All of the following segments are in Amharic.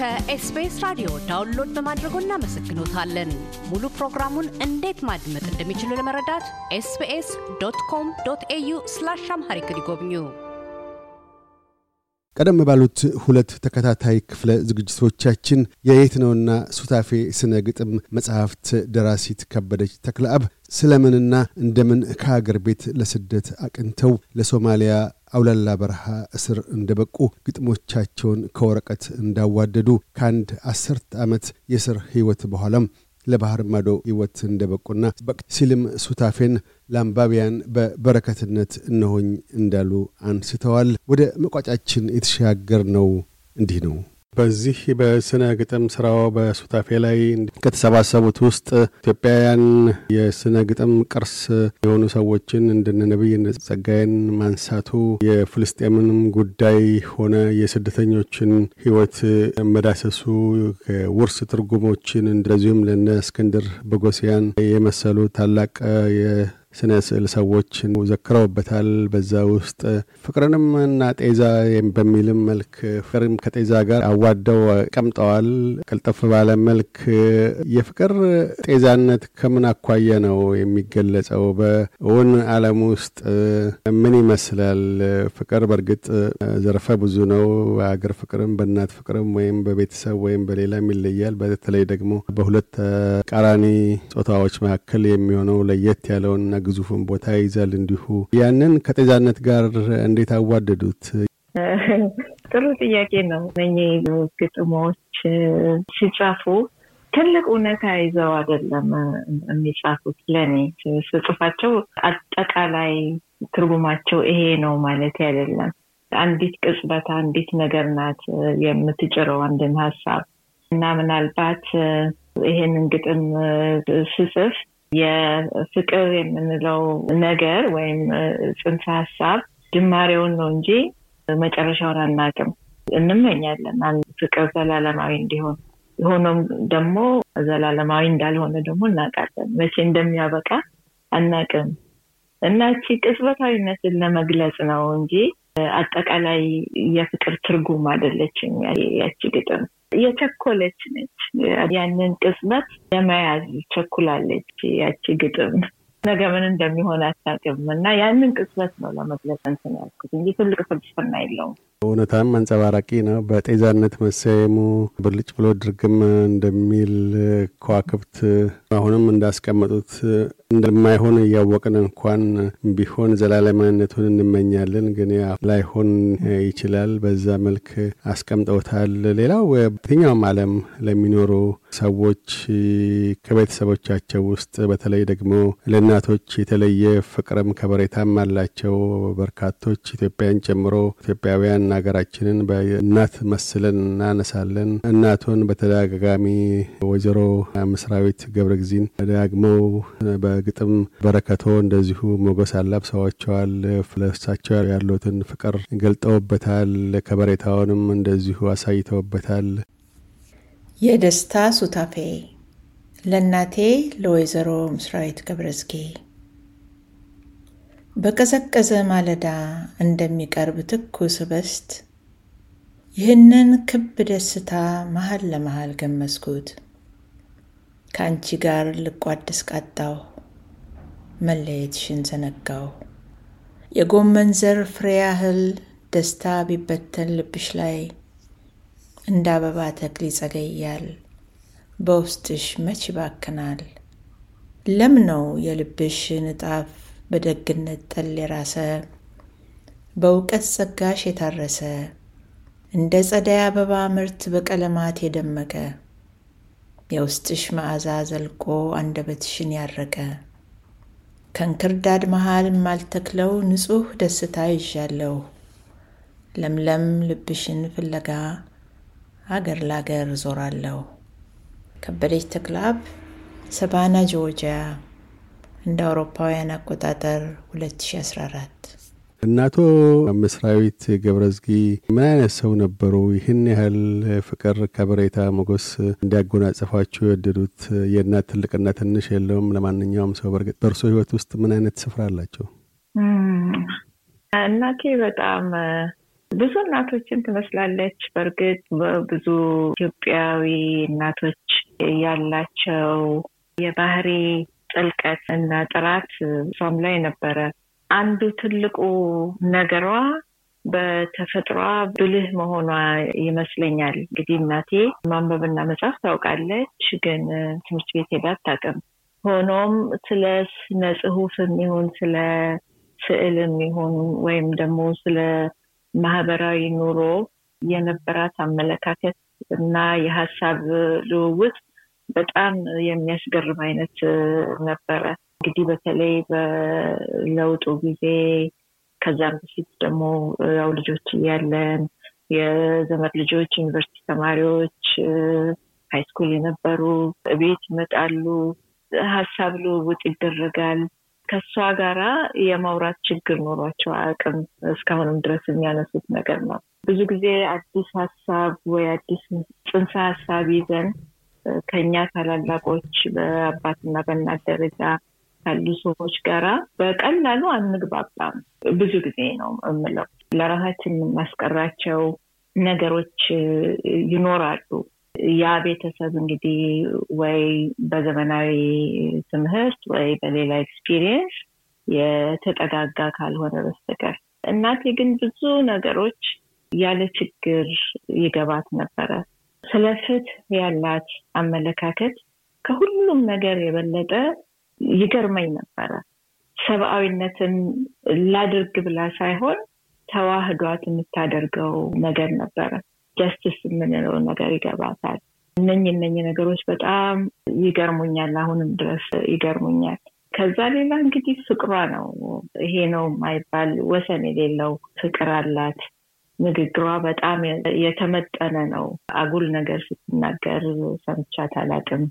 ከኤስቢኤስ ራዲዮ ዳውንሎድ በማድረጎ እናመሰግኖታለን። ሙሉ ፕሮግራሙን እንዴት ማድመጥ እንደሚችሉ ለመረዳት ኤስቢኤስ ዶት ኮም ዶት ኤዩ ስላሽ አምሃሪክ ይጎብኙ። ቀደም ባሉት ሁለት ተከታታይ ክፍለ ዝግጅቶቻችን የየት ነውና ሱታፌ ስነ ግጥም መጽሐፍት ደራሲት ከበደች ተክለአብ ስለምንና እንደምን ከሀገር ቤት ለስደት አቅንተው ለሶማሊያ አውላላ በረሃ እስር እንደበቁ ግጥሞቻቸውን ከወረቀት እንዳዋደዱ ከአንድ አስርት ዓመት የእስር ሕይወት በኋላም ለባህር ማዶ ሕይወት እንደበቁና ሲልም ሱታፌን ለአንባቢያን በበረከትነት እነሆኝ እንዳሉ አንስተዋል። ወደ መቋጫችን የተሻገር ነው እንዲህ ነው። በዚህ በስነ ግጥም ስራው በሱታፌ ላይ ከተሰባሰቡት ውስጥ ኢትዮጵያውያን የስነ ግጥም ቅርስ የሆኑ ሰዎችን እንደነ ነቢይ ጸጋዬን ማንሳቱ የፍልስጤምንም ጉዳይ ሆነ የስደተኞችን ህይወት መዳሰሱ ውርስ ትርጉሞችን እንደዚሁም ለነ እስክንድር ቦጎሲያን የመሰሉ ታላቅ ስነ ስዕል ሰዎች ዘክረውበታል። በዛ ውስጥ ፍቅርንም እና ጤዛ በሚልም መልክ ፍቅርም ከጤዛ ጋር አዋደው ቀምጠዋል። ቅልጥፍ ባለ መልክ የፍቅር ጤዛነት ከምን አኳየ ነው የሚገለጸው? በእውን አለም ውስጥ ምን ይመስላል? ፍቅር በእርግጥ ዘርፈ ብዙ ነው። በአገር ፍቅርም በእናት ፍቅርም ወይም በቤተሰብ ወይም በሌላም ይለያል። በተለይ ደግሞ በሁለት ቃራኒ ጾታዎች መካከል የሚሆነው ለየት ያለውን ግዙፉን ቦታ ይይዛል። እንዲሁ ያንን ከጤዛነት ጋር እንዴት አዋደዱት? ጥሩ ጥያቄ ነው። እነኚህ ግጥሞች ሲጻፉ ትልቅ እውነታ ይዘው አይደለም የሚጻፉት። ለእኔ ስጽፋቸው አጠቃላይ ትርጉማቸው ይሄ ነው ማለት አይደለም። አንዲት ቅጽበት፣ አንዲት ነገር ናት የምትጭረው አንድን ሀሳብ እና ምናልባት ይሄንን ግጥም ስጽፍ የፍቅር የምንለው ነገር ወይም ጽንሰ ሀሳብ ጅማሬውን ነው እንጂ መጨረሻውን አናቅም እንመኛለን አንድ ፍቅር ዘላለማዊ እንዲሆን፣ ሆኖም ደግሞ ዘላለማዊ እንዳልሆነ ደግሞ እናውቃለን። መቼ እንደሚያበቃ አናቅም እና እቺ ቅጽበታዊነትን ለመግለጽ ነው እንጂ አጠቃላይ የፍቅር ትርጉም አደለችም ያቺ ግጥም። የቸኮለች ነች። ያንን ቅጽበት ለመያዝ ቸኩላለች ያቺ ግጥም። ነገ ምን እንደሚሆን አታቅም እና ያንን ቅጽበት ነው ለመግለጽ እንትን ያልኩት እንጂ ትልቅ ፍልስፍና የለውም። እውነታም አንጸባራቂ ነው። በጤዛነት መሰየሙ ብልጭ ብሎ ድርግም እንደሚል ከዋክብት አሁንም እንዳስቀመጡት እንደማይሆን እያወቅን እንኳን ቢሆን ዘላለማነቱን እንመኛለን፣ ግን ላይሆን ይችላል። በዛ መልክ አስቀምጠውታል። ሌላው የትኛውም ዓለም ለሚኖሩ ሰዎች ከቤተሰቦቻቸው ውስጥ በተለይ ደግሞ ለእናቶች የተለየ ፍቅርም ከበሬታም አላቸው። በርካቶች ኢትዮጵያን ጨምሮ ኢትዮጵያውያን ሀገራችንን በእናት መስለን እናነሳለን። እናቱን በተደጋጋሚ ወይዘሮ ምስራዊት ገብረ ጊዜን ደጋግመው በግጥም በረከቶ እንደዚሁ ሞገስ አላብሰዋቸዋል። ለእሳቸው ያሉትን ፍቅር ገልጠውበታል። ከበሬታውንም እንደዚሁ አሳይተውበታል። የደስታ ሱታፌ ለእናቴ ለወይዘሮ ምስራዊት ገብረዝጌ በቀዘቀዘ ማለዳ እንደሚቀርብ ትኩስ ኅብስት ይህንን ክብ ደስታ መሃል ለመሃል ገመስኩት። ከአንቺ ጋር ልቋደስ ቃጣሁ፣ መለየትሽን ዘነጋሁ። የጎመን ዘር ፍሬ ያህል ደስታ ቢበተን ልብሽ ላይ እንደ አበባ ተክል ይጸገያል፣ በውስጥሽ መች ይባክናል። ለም ነው የልብሽ ንጣፍ በደግነት ጠል የራሰ በእውቀት ጸጋሽ የታረሰ እንደ ጸዳይ አበባ ምርት በቀለማት የደመቀ የውስጥሽ መዓዛ ዘልቆ አንደበትሽን ያረቀ ከእንክርዳድ መሃል ማልተክለው ንጹሕ ደስታ ይዣለሁ ለምለም ልብሽን ፍለጋ ሀገር ለሀገር ዞራለሁ። ከበደች ተክላብ ሰባና ጆርጂያ እንደ አውሮፓውያን አቆጣጠር 2014። እናቶ ምስራዊት ገብረዝጊ ምን አይነት ሰው ነበሩ? ይህን ያህል ፍቅር፣ ከበሬታ፣ ሞገስ እንዲያጎናጸፏቸው የወደዱት የእናት ትልቅና ትንሽ የለውም ለማንኛውም ሰው። በእርግጥ በእርሶ ህይወት ውስጥ ምን አይነት ስፍራ አላቸው? እናቴ በጣም ብዙ እናቶችን ትመስላለች። በእርግጥ በብዙ ኢትዮጵያዊ እናቶች ያላቸው የባህሪ ጥልቀት እና ጥራት እሷም ላይ ነበረ። አንዱ ትልቁ ነገሯ በተፈጥሯ ብልህ መሆኗ ይመስለኛል። እንግዲህ እናቴ ማንበብና መጻፍ ታውቃለች፣ ግን ትምህርት ቤት ሄዳ አታውቅም። ሆኖም ስለ ስነ ጽሁፍም ይሁን ስለ ስዕልም ይሁን ወይም ደግሞ ስለ ማህበራዊ ኑሮ የነበራት አመለካከት እና የሀሳብ ልውውጥ በጣም የሚያስገርም አይነት ነበረ። እንግዲህ በተለይ በለውጡ ጊዜ ከዛም በፊት ደግሞ ያው ልጆች እያለን የዘመድ ልጆች ዩኒቨርሲቲ ተማሪዎች፣ ሃይስኩል የነበሩ ቤት ይመጣሉ፣ ሀሳብ ልውውጥ ይደረጋል። ከእሷ ጋራ የማውራት ችግር ኖሯቸው አቅም እስካሁንም ድረስ የሚያነሱት ነገር ነው። ብዙ ጊዜ አዲስ ሀሳብ ወይ አዲስ ጽንሰ ሀሳብ ይዘን ከኛ ታላላቆች በአባትና በእናት ደረጃ ካሉ ሰዎች ጋራ በቀላሉ አንግባባም። ብዙ ጊዜ ነው የምለው ለራሳችን የምናስቀራቸው ነገሮች ይኖራሉ። ያ ቤተሰብ እንግዲህ ወይ በዘመናዊ ትምህርት ወይ በሌላ ኤክስፒሪየንስ የተጠጋጋ ካልሆነ በስተቀር እናቴ ግን ብዙ ነገሮች ያለ ችግር ይገባት ነበረ። ስለ ፍትህ ያላት አመለካከት ከሁሉም ነገር የበለጠ ይገርመኝ ነበረ። ሰብአዊነትን ላድርግ ብላ ሳይሆን ተዋህዷት የምታደርገው ነገር ነበረ። ጀስትስ የምንለው ነገር ይገባታል። እነኝ እነኝ ነገሮች በጣም ይገርሙኛል። አሁንም ድረስ ይገርሙኛል። ከዛ ሌላ እንግዲህ ፍቅሯ ነው። ይሄ ነው የማይባል ወሰን የሌለው ፍቅር አላት። ንግግሯ በጣም የተመጠነ ነው። አጉል ነገር ስትናገር ሰምቻት አላቅም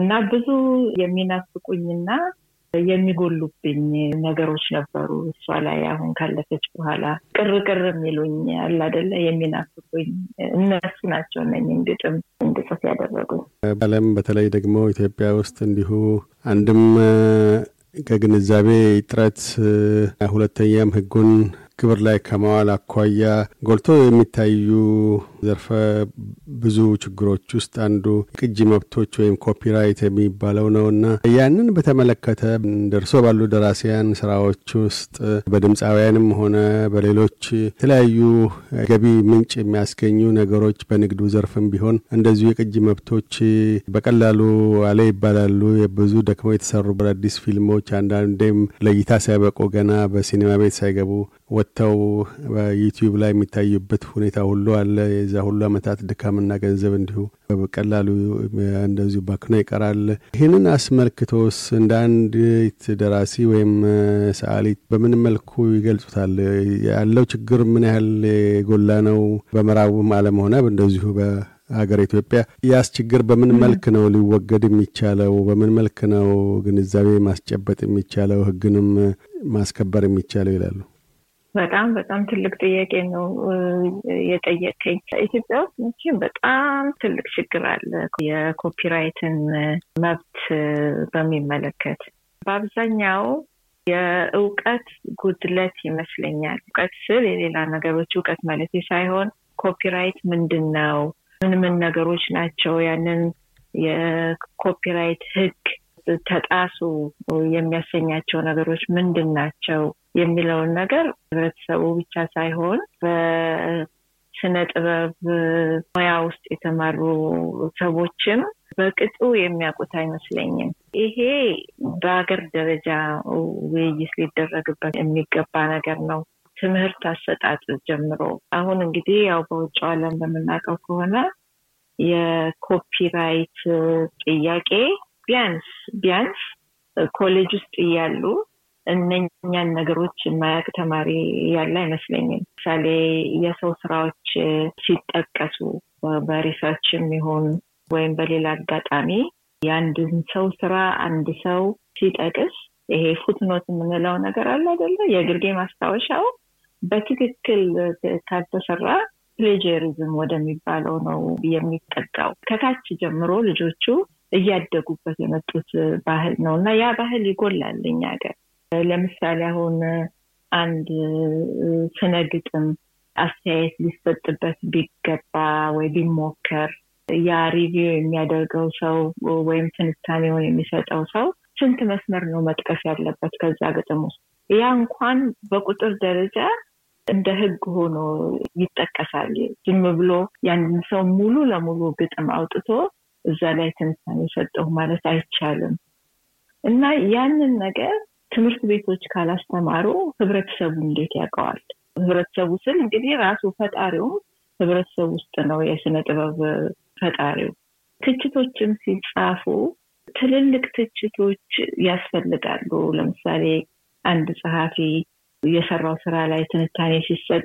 እና ብዙ የሚናፍቁኝና የሚጎሉብኝ ነገሮች ነበሩ። እሷ ላይ አሁን ካለፈች በኋላ ቅር ቅር የሚሉኝ አለ አይደለ የሚናፍቁኝ እነሱ ናቸው። እነኝን ግጥም እንድጽፍ ያደረጉ ዓለም በተለይ ደግሞ ኢትዮጵያ ውስጥ እንዲሁ አንድም ከግንዛቤ ጥረት ሁለተኛም ሕጉን ግብር ላይ ከማዋል አኳያ ጎልቶ የሚታዩ ዘርፈ ብዙ ችግሮች ውስጥ አንዱ ቅጂ መብቶች ወይም ኮፒራይት የሚባለው እና ያንን በተመለከተ ደርሶ ባሉ ደራሲያን ስራዎች ውስጥ በድምፃውያንም ሆነ በሌሎች የተለያዩ ገቢ ምንጭ የሚያስገኙ ነገሮች በንግዱ ዘርፍም ቢሆን እንደዚሁ የቅጂ መብቶች በቀላሉ አለ ይባላሉ። ብዙ ደክመው የተሰሩ አዲስ ፊልሞች አንዳንዴም ለእይታ ሳይበቁ ገና በሲኔማ ቤት ሳይገቡ ወጥተው በዩቲዩብ ላይ የሚታዩበት ሁኔታ ሁሉ አለ። የዛ ሁሉ ዓመታት ድካምና ገንዘብ እንዲሁ በቀላሉ እንደዚሁ ባክኖ ይቀራል። ይህንን አስመልክቶስ እንደ አንድ ደራሲ ወይም ሰዓሊ በምን መልኩ ይገልጹታል? ያለው ችግር ምን ያህል የጎላ ነው? በምዕራቡም ዓለም ሆነ እንደዚሁ ሀገር ኢትዮጵያ ያስ ችግር በምን መልክ ነው ሊወገድ የሚቻለው? በምን መልክ ነው ግንዛቤ ማስጨበጥ የሚቻለው ህግንም ማስከበር የሚቻለው ይላሉ። በጣም በጣም ትልቅ ጥያቄ ነው የጠየቀኝ። ኢትዮጵያ ውስጥ መቼም በጣም ትልቅ ችግር አለ የኮፒራይትን መብት በሚመለከት በአብዛኛው የእውቀት ጉድለት ይመስለኛል። እውቀት ስል የሌላ ነገሮች እውቀት ማለት ሳይሆን ኮፒራይት ምንድን ነው፣ ምን ምን ነገሮች ናቸው፣ ያንን የኮፒራይት ህግ ተጣሱ የሚያሰኛቸው ነገሮች ምንድን ናቸው የሚለውን ነገር ህብረተሰቡ ብቻ ሳይሆን በስነ ጥበብ ሙያ ውስጥ የተማሩ ሰዎችም በቅጡ የሚያውቁት አይመስለኝም። ይሄ በሀገር ደረጃ ውይይት ሊደረግበት የሚገባ ነገር ነው። ትምህርት አሰጣጥ ጀምሮ አሁን እንግዲህ ያው በውጭ ዓለም በምናውቀው ከሆነ የኮፒራይት ጥያቄ ቢያንስ ቢያንስ ኮሌጅ ውስጥ እያሉ እነኛን ነገሮች የማያቅ ተማሪ ያለ አይመስለኝም። ምሳሌ የሰው ስራዎች ሲጠቀሱ በሪሰርችም ይሁን ወይም በሌላ አጋጣሚ የአንድን ሰው ስራ አንድ ሰው ሲጠቅስ ይሄ ፉትኖት የምንለው ነገር አለ አይደለ? የግርጌ ማስታወሻው በትክክል ካልተሰራ ፕሌጀሪዝም ወደሚባለው ነው የሚጠጋው። ከታች ጀምሮ ልጆቹ እያደጉበት የመጡት ባህል ነው እና ያ ባህል ይጎላል እኛ ሀገር። ለምሳሌ አሁን አንድ ስነ ግጥም አስተያየት ሊሰጥበት ቢገባ ወይ ቢሞከር ያ ሪቪው የሚያደርገው ሰው ወይም ትንታኔውን የሚሰጠው ሰው ስንት መስመር ነው መጥቀስ ያለበት ከዛ ግጥም ውስጥ? ያ እንኳን በቁጥር ደረጃ እንደ ህግ ሆኖ ይጠቀሳል። ዝም ብሎ ያንን ሰው ሙሉ ለሙሉ ግጥም አውጥቶ እዛ ላይ ትንታኔ ሰጠሁ ማለት አይቻልም እና ያንን ነገር ትምህርት ቤቶች ካላስተማሩ ህብረተሰቡ እንዴት ያውቀዋል? ህብረተሰቡ ስል እንግዲህ ራሱ ፈጣሪውም ህብረተሰብ ውስጥ ነው የስነ ጥበብ ፈጣሪው። ትችቶችም ሲጻፉ ትልልቅ ትችቶች ያስፈልጋሉ። ለምሳሌ አንድ ጸሐፊ የሰራው ስራ ላይ ትንታኔ ሲሰጥ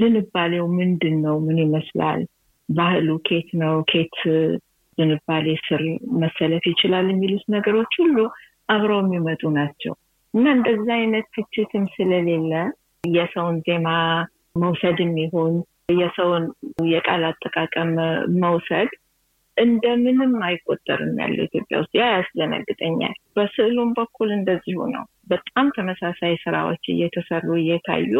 ዝንባሌው ምንድን ነው? ምን ይመስላል? ባህሉ ኬት ነው? ኬት ዝንባሌ ስር መሰለፍ ይችላል የሚሉት ነገሮች ሁሉ አብረው የሚመጡ ናቸው እና እንደዛ አይነት ትችትም ስለሌለ የሰውን ዜማ መውሰድም ይሁን የሰውን የቃል አጠቃቀም መውሰድ እንደምንም አይቆጠርም ያለው ኢትዮጵያ ውስጥ ያ ያስደነግጠኛል። በስዕሉም በኩል እንደዚሁ ነው። በጣም ተመሳሳይ ስራዎች እየተሰሩ እየታዩ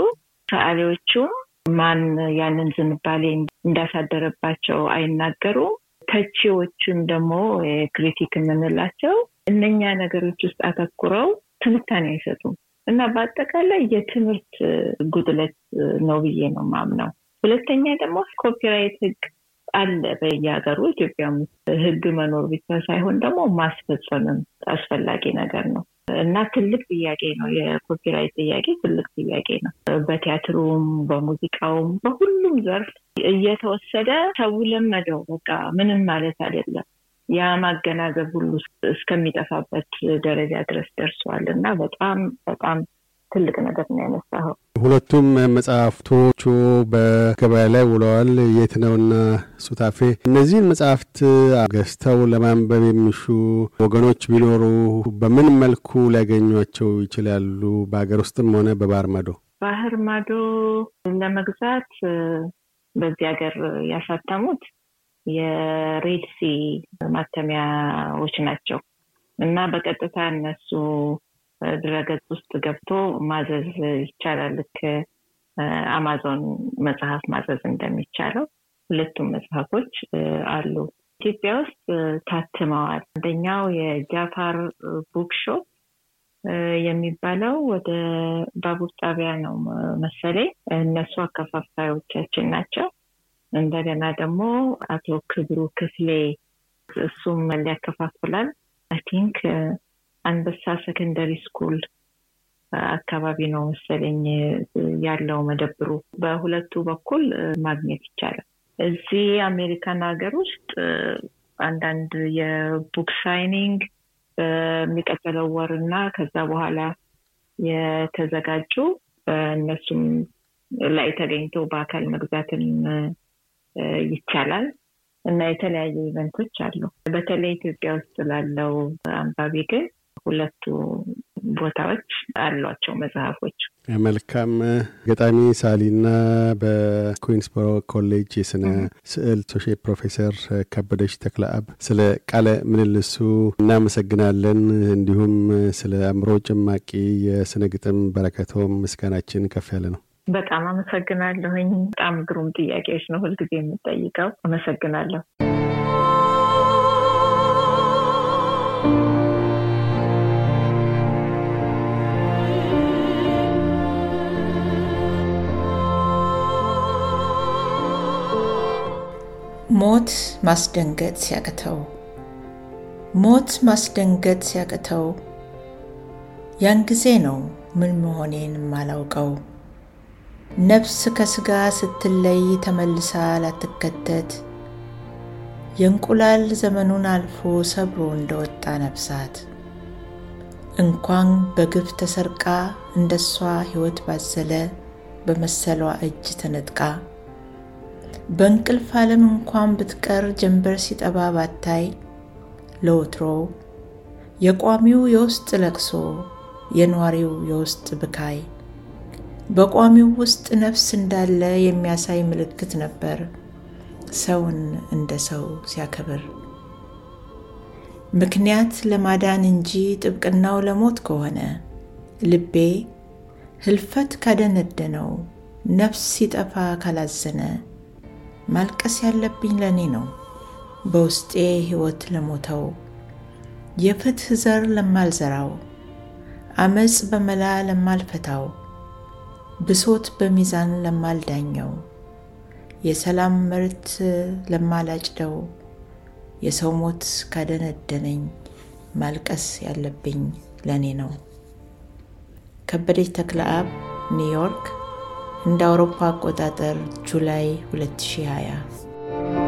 ሰአሌዎቹም ማን ያንን ዝንባሌ እንዳሳደረባቸው አይናገሩም። ተቺዎችን ደግሞ ክሪቲክ የምንላቸው እነኛ ነገሮች ውስጥ አተኩረው ትንታኔ አይሰጡም እና በአጠቃላይ የትምህርት ጉድለት ነው ብዬ ነው ማምነው። ሁለተኛ ደግሞ ኮፒራይት ህግ አለ በየሀገሩ ኢትዮጵያ ህግ መኖር ብቻ ሳይሆን ደግሞ ማስፈጸምም አስፈላጊ ነገር ነው። እና ትልቅ ጥያቄ ነው። የኮፒራይት ጥያቄ ትልቅ ጥያቄ ነው። በቲያትሩም፣ በሙዚቃውም፣ በሁሉም ዘርፍ እየተወሰደ ሰው ለመደው። በቃ ምንም ማለት አይደለም። ያ ማገናዘብ ሁሉ እስከሚጠፋበት ደረጃ ድረስ ደርሷል እና በጣም በጣም ትልቅ ነገር ነው ያነሳኸው። ሁለቱም መጽሐፍቶቹ በገበያ ላይ ውለዋል። የት ነውና ሱታፌ፣ እነዚህን መጽሐፍት ገዝተው ለማንበብ የሚሹ ወገኖች ቢኖሩ በምን መልኩ ሊያገኟቸው ይችላሉ? በሀገር ውስጥም ሆነ በባህር ማዶ ባህር ማዶ ለመግዛት በዚህ ሀገር ያሳተሙት የሬድሲ ማተሚያዎች ናቸው እና በቀጥታ እነሱ ድረገጽ ውስጥ ገብቶ ማዘዝ ይቻላል። ልክ አማዞን መጽሐፍ ማዘዝ እንደሚቻለው ሁለቱም መጽሐፎች አሉ። ኢትዮጵያ ውስጥ ታትመዋል። አንደኛው የጃፋር ቡክሾፕ የሚባለው ወደ ባቡር ጣቢያ ነው መሰሌ እነሱ አከፋፋዮቻችን ናቸው። እንደገና ደግሞ አቶ ክብሩ ክፍሌ እሱም ሊያከፋፍላል አይ ቲንክ አንበሳ ሰከንደሪ ስኩል አካባቢ ነው መሰለኝ ያለው መደብሩ። በሁለቱ በኩል ማግኘት ይቻላል። እዚህ አሜሪካን ሀገር ውስጥ አንዳንድ የቡክ ሳይኒንግ በሚቀጥለው ወር እና ከዛ በኋላ የተዘጋጁ በእነሱም ላይ ተገኝቶ በአካል መግዛትም ይቻላል እና የተለያዩ ኢቨንቶች አሉ። በተለይ ኢትዮጵያ ውስጥ ላለው አንባቢ ግን ሁለቱ ቦታዎች አሏቸው መጽሐፎች። መልካም ገጣሚ ሳሊና በኩዊንስቦሮ ኮሌጅ የስነ ስዕል ሶሼ ፕሮፌሰር ከበደች ተክለአብ ስለ ቃለ ምልልሱ እናመሰግናለን። እንዲሁም ስለ አእምሮ ጭማቂ የስነ ግጥም በረከቶም ምስጋናችን ከፍ ያለ ነው። በጣም አመሰግናለሁኝ። በጣም ግሩም ጥያቄዎች ነው ሁልጊዜ የምጠይቀው። አመሰግናለሁ። ሞት ማስደንገጥ ሲያቅተው ሞት ማስደንገጥ ሲያቅተው ያን ጊዜ ነው ምን መሆኔን ማላውቀው። ነፍስ ከሥጋ ስትለይ ተመልሳ ላትከተት የእንቁላል ዘመኑን አልፎ ሰብሮ እንደወጣ ነፍሳት እንኳን በግፍ ተሰርቃ እንደሷ ሕይወት ባዘለ በመሰሏ እጅ ተነጥቃ በእንቅልፍ ዓለም እንኳን ብትቀር ጀንበር ሲጠባ ባታይ ለወትሮ የቋሚው የውስጥ ለቅሶ የኗሪው የውስጥ ብካይ በቋሚው ውስጥ ነፍስ እንዳለ የሚያሳይ ምልክት ነበር ሰውን እንደ ሰው ሲያከብር። ምክንያት ለማዳን እንጂ ጥብቅናው ለሞት ከሆነ ልቤ ህልፈት ካደነደነው ነፍስ ሲጠፋ ካላዘነ ማልቀስ ያለብኝ ለእኔ ነው። በውስጤ ሕይወት ለሞተው የፍትህ ዘር ለማልዘራው አመፅ በመላ ለማልፈታው ብሶት በሚዛን ለማልዳኘው የሰላም ምርት ለማላጭደው የሰው ሞት ካደነደነኝ ማልቀስ ያለብኝ ለእኔ ነው። ከበደች ተክለአብ ኒውዮርክ እንደ አውሮፓ አቆጣጠር ጁላይ 2020